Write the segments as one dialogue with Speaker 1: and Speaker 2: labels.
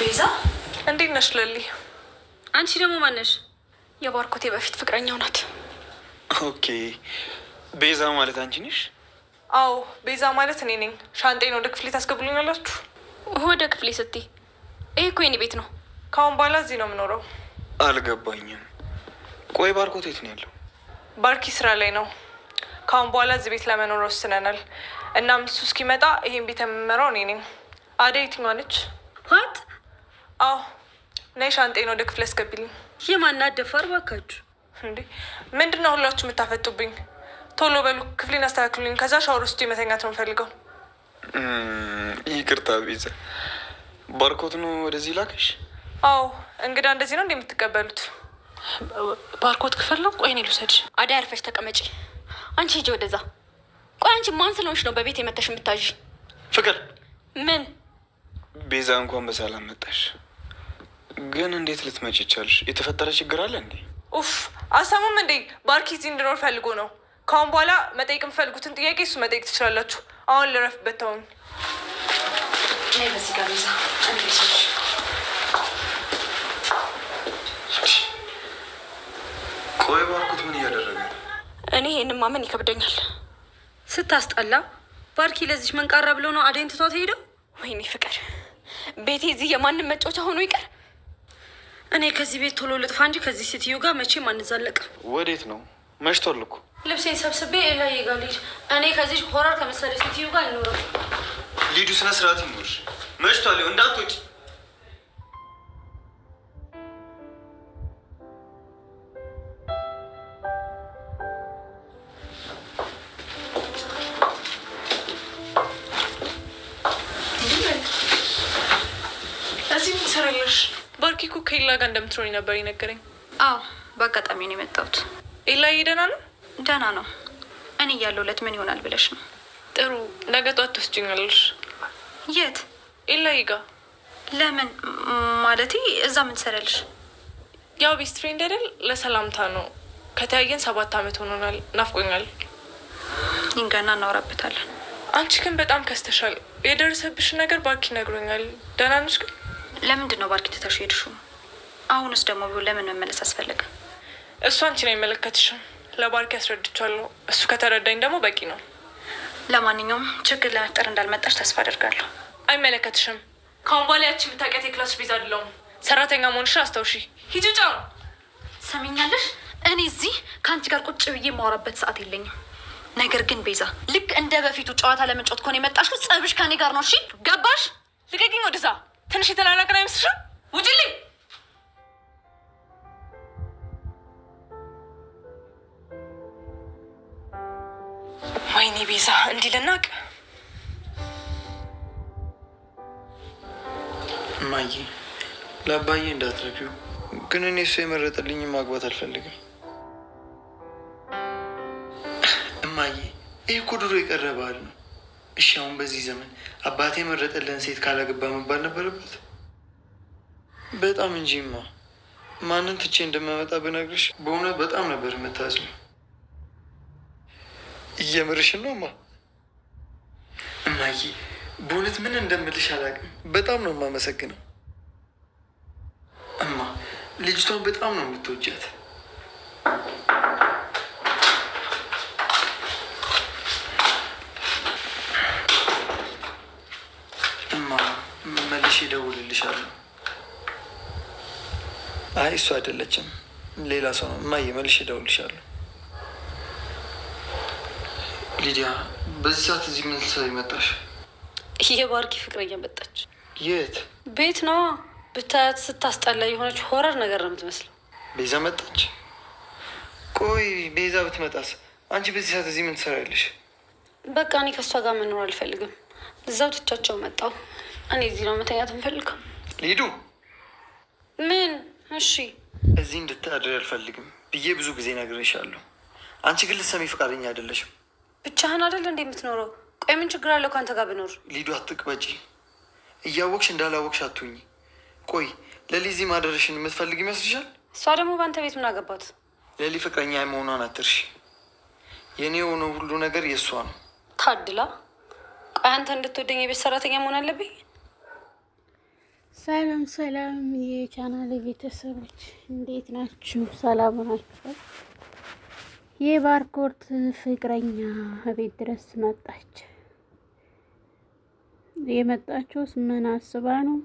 Speaker 1: ቤዛ
Speaker 2: እንዴት ነሽ? ለሊ
Speaker 1: አንቺ ደግሞ ማነሽ? የባርኮቴ በፊት ፍቅረኛው ናት።
Speaker 3: ኦኬ ቤዛ ማለት አንቺ ነሽ?
Speaker 2: አዎ ቤዛ ማለት እኔ ነኝ። ሻንጤን ወደ ክፍሌ ታስገቡልኛላችሁ?
Speaker 1: ወደ ክፍሌ ስትይ ይሄ እኮ የኔ ቤት ነው።
Speaker 2: ከአሁን በኋላ እዚህ ነው የምኖረው።
Speaker 3: አልገባኝም። ቆይ ባርኮቴ የት ነው ያለው?
Speaker 2: ባርኪ ስራ ላይ ነው። ከአሁን በኋላ እዚህ ቤት ለመኖር ወስነናል። እናም እሱ እስኪመጣ ይሄን ቤት የምመራው እኔ ነኝ። አደይ የትኛዋ ነች? አዎ ናይ ሻንጤን ወደ ክፍል ያስገቢልኝ።
Speaker 1: ይህ ማናት ደፋር ባካችሁ።
Speaker 2: እንዴ ምንድን ነው ሁላችሁ የምታፈጡብኝ? ቶሎ በሉ ክፍሌን አስተካክሉኝ። ከዛ ሻወር ውስጥ መተኛት ነው ፈልገው
Speaker 3: ይቅርታ ቤዛ፣ ባርኮት ነው ወደዚህ ላከሽ?
Speaker 2: አዎ እንግዳ እንደዚህ ነው የምትቀበሉት
Speaker 1: ባርኮት ክፍል ነው። ቆይ እኔ ልውሰድሽ። አዳ ያርፈሽ ተቀመጪ። አንቺ ሂጂ ወደዛ። ቆይ አንቺ ማን ስለሆንሽ ነው በቤት የመተሽ የምታዥ? ፍቅር ምን
Speaker 3: ቤዛ፣ እንኳን በሰላም መጣሽ። ግን እንዴት ልትመጪ ይቻልሽ? የተፈጠረ ችግር አለ እንዴ?
Speaker 2: ኡፍ አሳሙም እንዴ ባርኪ እዚህ እንድኖር ፈልጎ ነው። ከአሁን በኋላ መጠየቅ የምፈልጉትን ጥያቄ እሱ መጠየቅ ትችላላችሁ። አሁን ልረፍበት። ተውኝ።
Speaker 3: ቆይ ባርኩት ምን እያደረገ
Speaker 1: እኔ ይህን ማመን ይከብደኛል። ስታስጠላ ባርኪ ለዚች መንቃራ ብሎ ነው አደይን ትቷት ሄደው። ወይኔ ፍቅር ቤቴ እዚህ የማንም መጫወቻ ሆኖ ይቀር። እኔ ከዚህ ቤት ቶሎ ልጥፋ እንጂ ከዚህ ሴትዮ ጋር መቼም አንዛለቅም።
Speaker 3: ወዴት ነው? መሽቷል እኮ።
Speaker 1: ልብሴን ሰብስቤ ላይ ጋር እኔ ከዚህ ሆራር ከመሰለ ሴትዮ ጋር አልኖርም።
Speaker 3: ሊዱ ስነስርዓት ይኖር። መሽቷል፣ እንዳትወጪ
Speaker 2: እኮ ከኤላ ጋር እንደምትሮኝ ነበር ይነገረኝ
Speaker 1: አዎ በአጋጣሚ ነው የመጣሁት።
Speaker 2: ኤላዬ ደህና ነው?
Speaker 1: ደህና ነው። እኔ ለት ምን ይሆናል ብለሽ ነው?
Speaker 2: ጥሩ ነገ ጧት ትወስጂኛለሽ። የት? ኤላዬ ጋ
Speaker 1: ለምን ማለት? እዛ ምን ትሰሪያለሽ?
Speaker 2: ያው ቤስት ፍሬንድ አይደል? ለሰላምታ ነው። ከተያየን ሰባት ዓመት ሆኖናል። ናፍቆኛል።
Speaker 1: ይንጋና እናወራበታለን።
Speaker 2: አንቺ ግን በጣም ከስተሻል። የደረሰብሽ ነገር ባኪ ነግሮኛል። ደህና ነሽ ግን?
Speaker 1: ለምንድን ነው ባርኪ ትተሽው ሄድሽው? አሁንስ ደግሞ ቢሆን ለምን መመለስ አስፈለገ?
Speaker 2: እሱ አንቺን አይመለከትሽም። ለባርኪ አስረድቻለሁ። እሱ ከተረዳኝ ደግሞ በቂ ነው።
Speaker 1: ለማንኛውም ችግር ለመፍጠር እንዳልመጣሽ ተስፋ አደርጋለሁ።
Speaker 2: አይመለከትሽም። ከአሁን በኋላ ያቺ የምታውቂያት የክላስ ቤዛ አይደለሁም። ሰራተኛ መሆንሽን አስታውሺ።
Speaker 1: ሂጂ ጫው። ሰሚኛለሽ? እኔ እዚህ ከአንቺ ጋር ቁጭ ብዬ የማወራበት ሰዓት የለኝም። ነገር ግን ቤዛ፣ ልክ እንደ በፊቱ ጨዋታ ለመጫወት ከሆነ የመጣሽ፣ ጸብሽ ከኔ ጋር ነው። እሺ ገባሽ? ልቀቂኝ ወደዛ ትንሽ የተላላቅን አይመስልሽም? ውጭልኝ! ወይኔ ቤዛ እንዲህ ልናቅ
Speaker 3: እማዬ ለአባዬ እንዳትረቢው። ግን እኔ እሱ የመረጠልኝ ማግባት አልፈልግም። እማዬ ይህ እኮ ድሮ የቀረ ባህል ነው። እሺ አሁን በዚህ ዘመን አባቴ የመረጠልን ሴት ካላገባ መባል ነበረበት? በጣም እንጂማ ማንን ትቼ እንደመመጣ ብነግርሽ በእውነት በጣም ነበር የምታዝነው። እየምርሽን ነው ማ እማዬ፣ በእውነት ምን እንደምልሽ አላውቅም። በጣም ነው የማመሰግነው እማ። ልጅቷን በጣም ነው የምትወጃት። እደውልልሻለሁ። አይ እሱ አይደለችም፣ ሌላ ሰው ነው። እማዬ መልሼ እደውልልሻለሁ። ሊዲያ፣ በዚህ ሰዓት እዚህ ምን ስለ መጣሽ?
Speaker 1: የባርኪ ፍቅረኛ መጣች። የት ቤት ነው? ብታያት ስታስጠላ የሆነች ሆረር ነገር ነው የምትመስለው።
Speaker 3: ቤዛ መጣች። ቆይ ቤዛ ብትመጣስ? አንቺ በዚህ ሰዓት እዚህ ምን ትሰራለሽ?
Speaker 1: በቃ እኔ ከእሷ ጋር መኖር አልፈልግም። እዛው ትቻቸው መጣው። እኔ እዚህ ነው መተኛት እንፈልገው። ሊዱ ምን? እሺ
Speaker 3: እዚህ እንድታድር አልፈልግም ብዬ ብዙ ጊዜ ነግሬሻለሁ። አንቺ ግን ልትሰሚ ፈቃደኛ አይደለሽም።
Speaker 1: ብቻህን አይደል እንዴ የምትኖረው? ቆይ ምን ችግር አለው ከአንተ ጋር ብኖር?
Speaker 3: ሊዱ አትቅበጪ። እያወቅሽ እንዳላወቅሽ አትሁኝ። ቆይ ለሊ እዚህ ማደረሽን የምትፈልግ ይመስልሻል?
Speaker 1: እሷ ደግሞ በአንተ ቤት ምን አገባት?
Speaker 3: ለሊ ፍቅረኛ መሆኗን አትርሺ። የእኔ የሆነ ሁሉ ነገር የእሷ ነው።
Speaker 1: ታድላ። ቆይ አንተ እንድትወደኝ የቤት ሰራተኛ መሆን አለብኝ?
Speaker 4: ሰላም ሰላም የቻናል ቤተሰቦች እንዴት ናችሁ? ሰላም ናችሁ? የባርኮት ፍቅረኛ ቤት ድረስ መጣች። የመጣችውስ ምን አስባ ነው?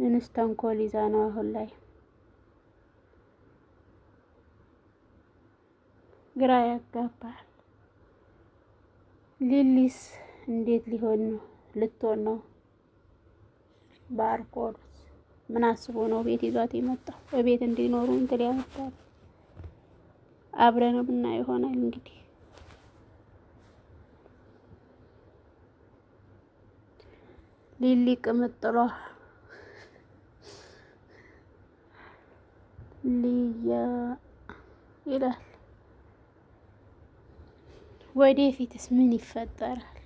Speaker 4: ምንስ ተንኮል ይዛ ነው? አሁን ላይ ግራ ያጋባል። ሊሊስ እንዴት ሊሆን ነው ልትሆን ነው ባርኮድ ምን አስቦ ነው ቤት ይዟት የመጣው? እቤት እንዲኖሩ እንትን ያመጣል። አብረን ምና ይሆናል እንግዲህ ሊሊ ቅምጥሏ ልያ ይላል። ወደፊትስ ምን ይፈጠራል?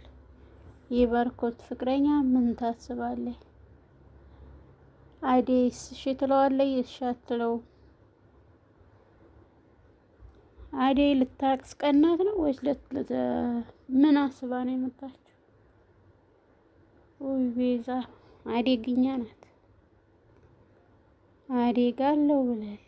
Speaker 4: የባርኮት ፍቅረኛ ምን ታስባለች? አዴስ እሺ ትለዋለች። እሺ አትለው። አዴ ልታቅስ ቀናት ነው ወይስ ምን አስባ ነው የመጣችው? ውይ ቤዛ አዴ ግኛ ናት። አዴ ጋለው ብላለች።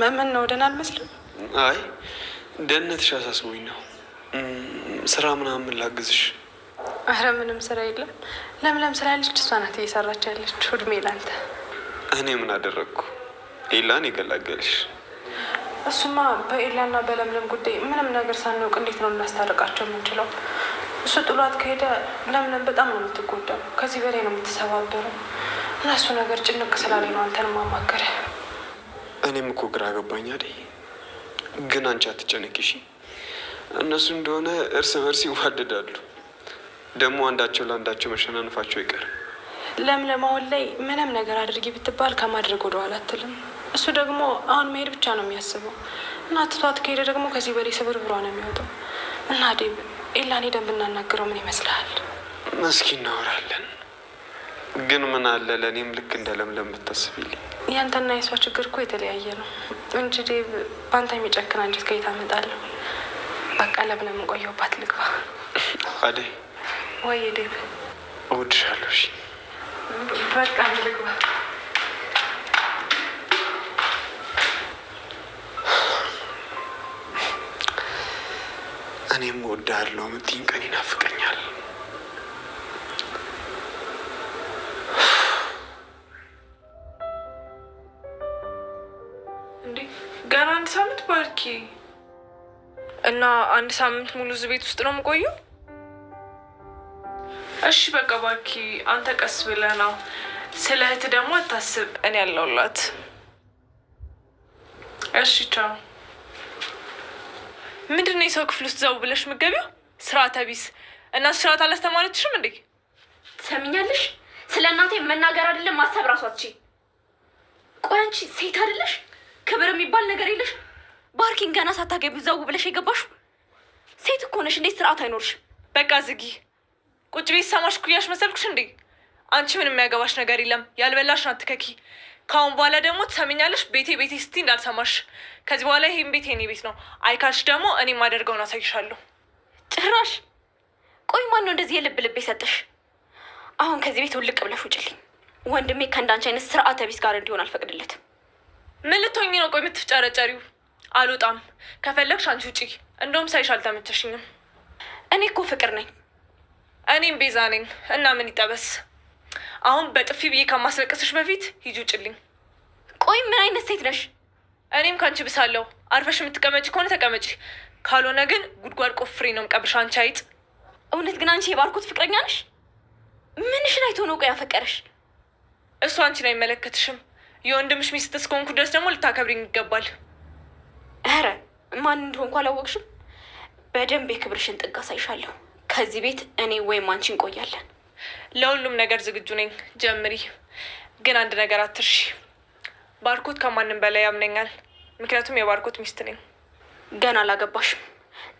Speaker 1: መመን ነው ደህና አልመስልም።
Speaker 3: አይ ደህንነትሽ አሳስቦኝ ነው። ስራ ምናምን ላግዝሽ?
Speaker 1: አረ ምንም ስራ የለም። ለምለም ስላለች እሷ ናት እየሰራች ያለች። እድሜ ላንተ።
Speaker 3: እኔ ምን አደረግኩ? ኤላን ይገላገልሽ።
Speaker 1: እሱማ በኤላና በለምለም ጉዳይ ምንም ነገር ሳናውቅ እንዴት ነው እናስታርቃቸው የምንችለው? እሱ ጥሏት ከሄደ ለምለም በጣም ነው የምትጎዳው። ከዚህ በላይ ነው የምትሰባበረው። እና እሱ ነገር ጭንቅ ስላለኝ ነው አንተን ማማከር።
Speaker 3: እኔም እኮ ግራ ገባኝ አይደል ግን አንቺ አትጨነቂ እሺ። እነሱ እንደሆነ እርስ በርስ ይዋደዳሉ። ደግሞ አንዳቸው ለአንዳቸው መሸናነፋቸው አይቀርም።
Speaker 1: ለምለም አሁን ላይ ምንም ነገር አድርጊ ብትባል ከማድረግ ወደ ኋላ አትልም። እሱ ደግሞ አሁን መሄድ ብቻ ነው የሚያስበው እና ትቷት ከሄደ ደግሞ ከዚህ በላይ ስብርብሯ ነው የሚወጣው። እና ዴብ ኤላን ሄደን ብናናገረው ምን ይመስልሃል?
Speaker 3: እስኪ እናወራለን። ግን ምን አለ ለእኔም ልክ እንደ ለምለም ብታስብልኝ
Speaker 1: ያንተና የሷ ችግር እኮ የተለያየ ነው እንጂ በአንተ የሚጨክን አንጀት ከየት አመጣለሁ? በቃ ለምን የምንቆየውባት ልግባ። አዴ ወይ ዴብ
Speaker 3: እወድሻለሁ። እሺ
Speaker 1: በቃ ልግባ።
Speaker 3: እኔም እወድሃለሁ የምትይኝ ቀን ይናፍቀኛል።
Speaker 2: እና አንድ ሳምንት ሙሉ እዚህ ቤት ውስጥ ነው የምቆየው? እሺ በቃ እባክህ አንተ ቀስ ብለህ ነው። ስለ እህት ደግሞ አታስብ፣ እኔ ያለውላት እሺ ቻው። ምንድን ነው የሰው ክፍል ውስጥ ዘው ብለሽ ምገቢው? ስርዓተ ቢስ እና ስርዓት አላስተማረችሽም እንዴ?
Speaker 1: ትሰሚኛለሽ? ስለ እናቴ መናገር አይደለም ማሰብ ራሷች። ቆይ አንቺ ሴት አይደለሽ? ክብር የሚባል ነገር የለሽ ባርኪን ገና ሳታገቢ ዘው ብለሽ የገባሽ ሴት እኮ ነሽ። እንዴት ስርዓት አይኖርሽ?
Speaker 2: በቃ ዝጊ። ቁጭ ቤት ሰማሽ ኩያሽ መሰልኩሽ እንዴ? አንቺ ምን የሚያገባሽ ነገር የለም። ያልበላሽን አትከኪ። ከአሁን በኋላ ደግሞ ትሰሚኛለሽ። ቤቴ ቤቴ ስቲ እንዳልሰማሽ። ከዚህ በኋላ ይህም ቤት የኔ ቤት ነው። አይካልሽ ደግሞ እኔ ማደርገውን አሳይሻለሁ።
Speaker 1: ጭራሽ ቆይ፣ ማን ነው እንደዚህ የልብ ልብ የሰጠሽ? አሁን ከዚህ ቤት ውልቅ ብለሽ ውጭልኝ። ወንድሜ ከእንዳንቺ አይነት ስርዓተ ቢስ ጋር እንዲሆን አልፈቅድለትም።
Speaker 2: ምን ልትሆኚ ነው? ቆይ የምትፍጨረጨሪው አልወጣም። ከፈለግሽ አንቺ ውጪ። እንደውም ሳይሽ አልተመቸሽኝም።
Speaker 1: እኔ እኮ ፍቅር ነኝ።
Speaker 2: እኔም ቤዛ ነኝ እና ምን ይጠበስ። አሁን በጥፊ ብዬ ከማስለቀስሽ በፊት ሂጂ ውጭልኝ።
Speaker 1: ቆይ ምን አይነት ሴት ነሽ?
Speaker 2: እኔም ከአንቺ ብሳለሁ። አርፈሽ የምትቀመጪ ከሆነ ተቀመጪ፣ ካልሆነ ግን ጉድጓድ ቆፍሬ ነው የምቀብርሽ። አንቺ አይጥ!
Speaker 1: እውነት ግን አንቺ የባርኮት ፍቅረኛ ነሽ? ምንሽን አይቶ ነው ቆይ ያፈቀረሽ?
Speaker 2: እሱ አንቺን አይመለከትሽም። የወንድምሽ ሚስት እስከሆንኩ ድረስ ደግሞ ልታከብሪኝ ይገባል።
Speaker 1: ኧረ ማን እንደሆንኩ አላወቅሽም። በደንብ የክብርሽን ጥግ አሳይሻለሁ። ከዚህ ቤት እኔ ወይም አንቺ እንቆያለን።
Speaker 2: ለሁሉም ነገር ዝግጁ ነኝ። ጀምሪ፣ ግን አንድ ነገር አትርሺ። ባርኮት ከማንም በላይ ያምነኛል፣ ምክንያቱም የባርኮት ሚስት ነኝ።
Speaker 1: ገና አላገባሽም።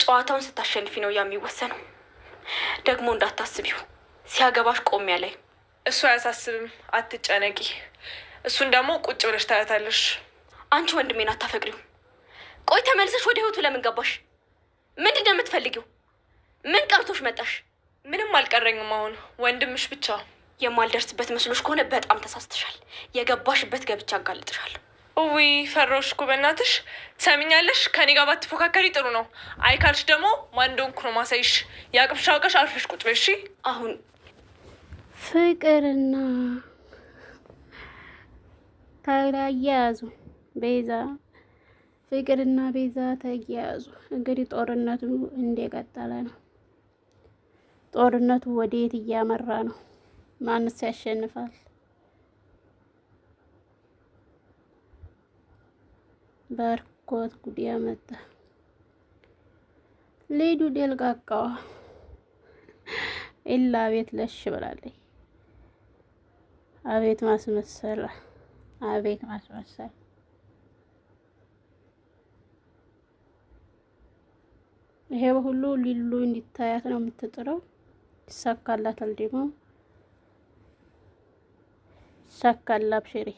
Speaker 1: ጨዋታውን ስታሸንፊ ነው የሚወሰነው። ደግሞ እንዳታስቢው፣ ሲያገባሽ ቆሚያ ላይ
Speaker 2: እሱ አያሳስብም። አትጨነቂ። እሱን ደግሞ ቁጭ ብለሽ ታያታለሽ።
Speaker 1: አንቺ ወንድሜን አታፈቅሪው ቆይ ተመልሰሽ ወደ ህይወቱ ለምን ገባሽ? ምንድን ነው የምትፈልጊው? ምን ቀርቶሽ መጣሽ?
Speaker 2: ምንም አልቀረኝም። አሁን ወንድምሽ ብቻ
Speaker 1: የማልደርስበት መስሎሽ ከሆነ በጣም ተሳስተሻል። የገባሽበት ገብቻ አጋልጥሻለሁ።
Speaker 2: እዊ ፈሮሽ እኮ በእናትሽ ትሰሚኛለሽ። ከኔ ጋር ባትፎካከሪ ጥሩ ነው። አይካልሽ ደግሞ ማን እንደሆንኩ ነው ማሳይሽ። የአቅምሽ አውቀሽ አርፈሽ ቁጭ በይ እሺ።
Speaker 1: አሁን
Speaker 4: ፍቅርና ታግራ አያያዙ ቤዛ ፍቅርና ቤዛ ተያያዙ። እንግዲህ ጦርነቱ እንደቀጠለ ነው። ጦርነቱ ወዴት እያመራ ነው? ማንስ ያሸንፋል? ባርኮት ጉድ ያመጣ ሌዱ ደልቃቃዋ ኢላ ቤት ለሽ ብላለች። አቤት ማስመሰል! አቤት ማስመሰል! ይሄ ሁሉ ሊሉ እንዲታያት ነው የምትጥረው። ይሳካላታል ደግሞ ይሳካላ። አብሽሪ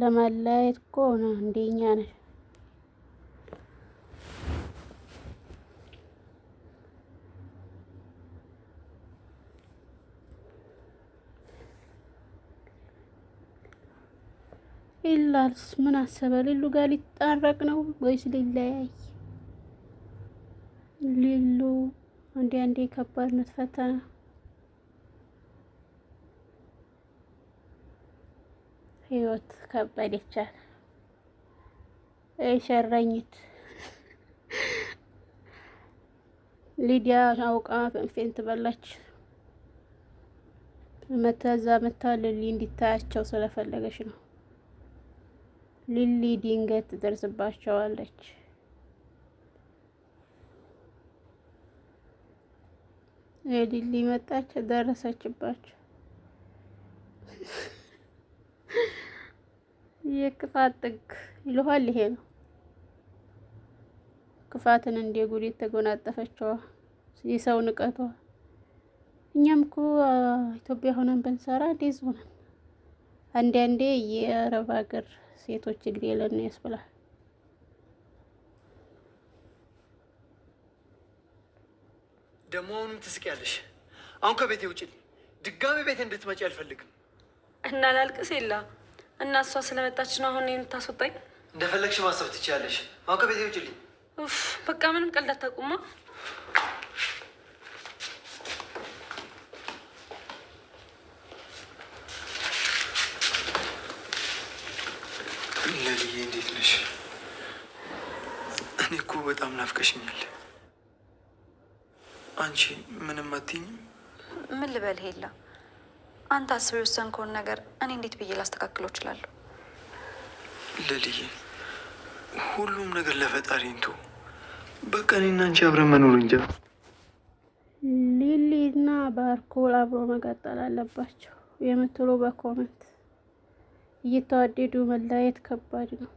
Speaker 4: ለመለያየት እኮ ነው እንደኛ ነሽ። ሌላስ ምን አሰበ? ሊሉ ጋር ሊጣረቅ ነው ወይስ ሊለያይ? ሌሉ አንዴ አንዴ ከባድነት ፈተና ህይወት ከበደቻት። ሸረኝት ሊዲያ አውቃ ፈንፌን ትበላች። መተዛ መታለል እንዲታያቸው ስለፈለገች ነው። ሊሊ ድንገት ትደርስባቸዋለች። ሊሊ መጣች፣ ደረሰችባቸው። የክፋት ጥግ ይለዋል ይሄ ነው። ክፋትን እንደ ጉድ የተጎናጠፈችዋ የሰው ንቀቷ። እኛም እኮ ኢትዮጵያ ሆነን ብንሰራ እንደዚህ ሆነን አንዳንዴ የአረብ ሀገር ሴቶች እግሬ የለን ያስብላል።
Speaker 3: ደግሞ አሁንም ትስቂያለሽ። አሁን ከቤቴ ውጭ ድጋሚ ቤት እንድትመጪ አልፈልግም።
Speaker 1: እና ላልቅስ የላ እና እሷ ስለመጣች ነው አሁን የምታስወጣኝ።
Speaker 3: እንደፈለግሽ ማሰብ ትችያለሽ። አሁን ከቤቴ ውጭልኝ።
Speaker 1: በቃ ምንም ቀልድ አታቁማ።
Speaker 3: ለልዬ እንዴት ነሽ? እኔ እኮ በጣም ናፍቀሽኛል። አንቺ ምንም አትይኝም?
Speaker 1: ምን ልበል ሄላ፣ አንተ አስብ የወሰንከውን ነገር እኔ እንዴት ብዬ ላስተካክለው እችላለሁ?
Speaker 3: ለልዬ፣ ሁሉም ነገር ለፈጣሪ እንቶ በቃ እኔና አንቺ አብረን መኖር እንጃ።
Speaker 4: ሊሊና ባርኮል አብሮ መቀጠል አለባቸው የምትሉ በኮመንት እየተዋደዱ መለያየት ከባድ ነው።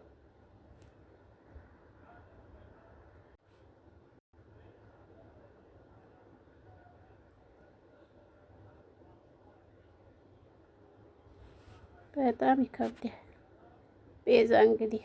Speaker 4: በጣም ይከብዳል። ቤዛ እንግዲህ